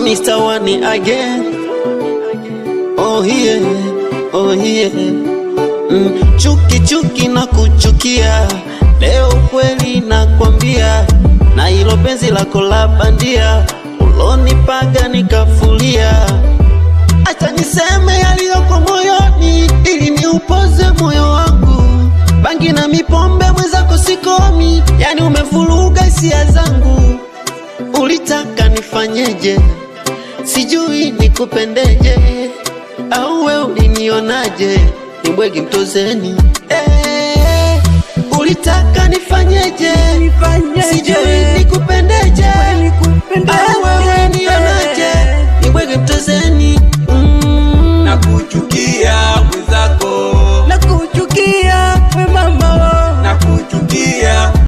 Mr. Wani again. Oh yeah, oh yeah. Mm, chuki chuki na kuchukia leo kweli nakwambia, na hilo penzi lako la bandia ulonipaga nikafulia. Acha niseme yaliyoko moyoni ili niupoze moyo wangu, bangi na mipombe mwenzako sikomi, yani umevuruga hisia zangu, ulitaka nifanyeje? sijui nikupendeje au we ulinionaje, ni bwegi mtozeni. Hey, eh, ulitaka nifanyeje?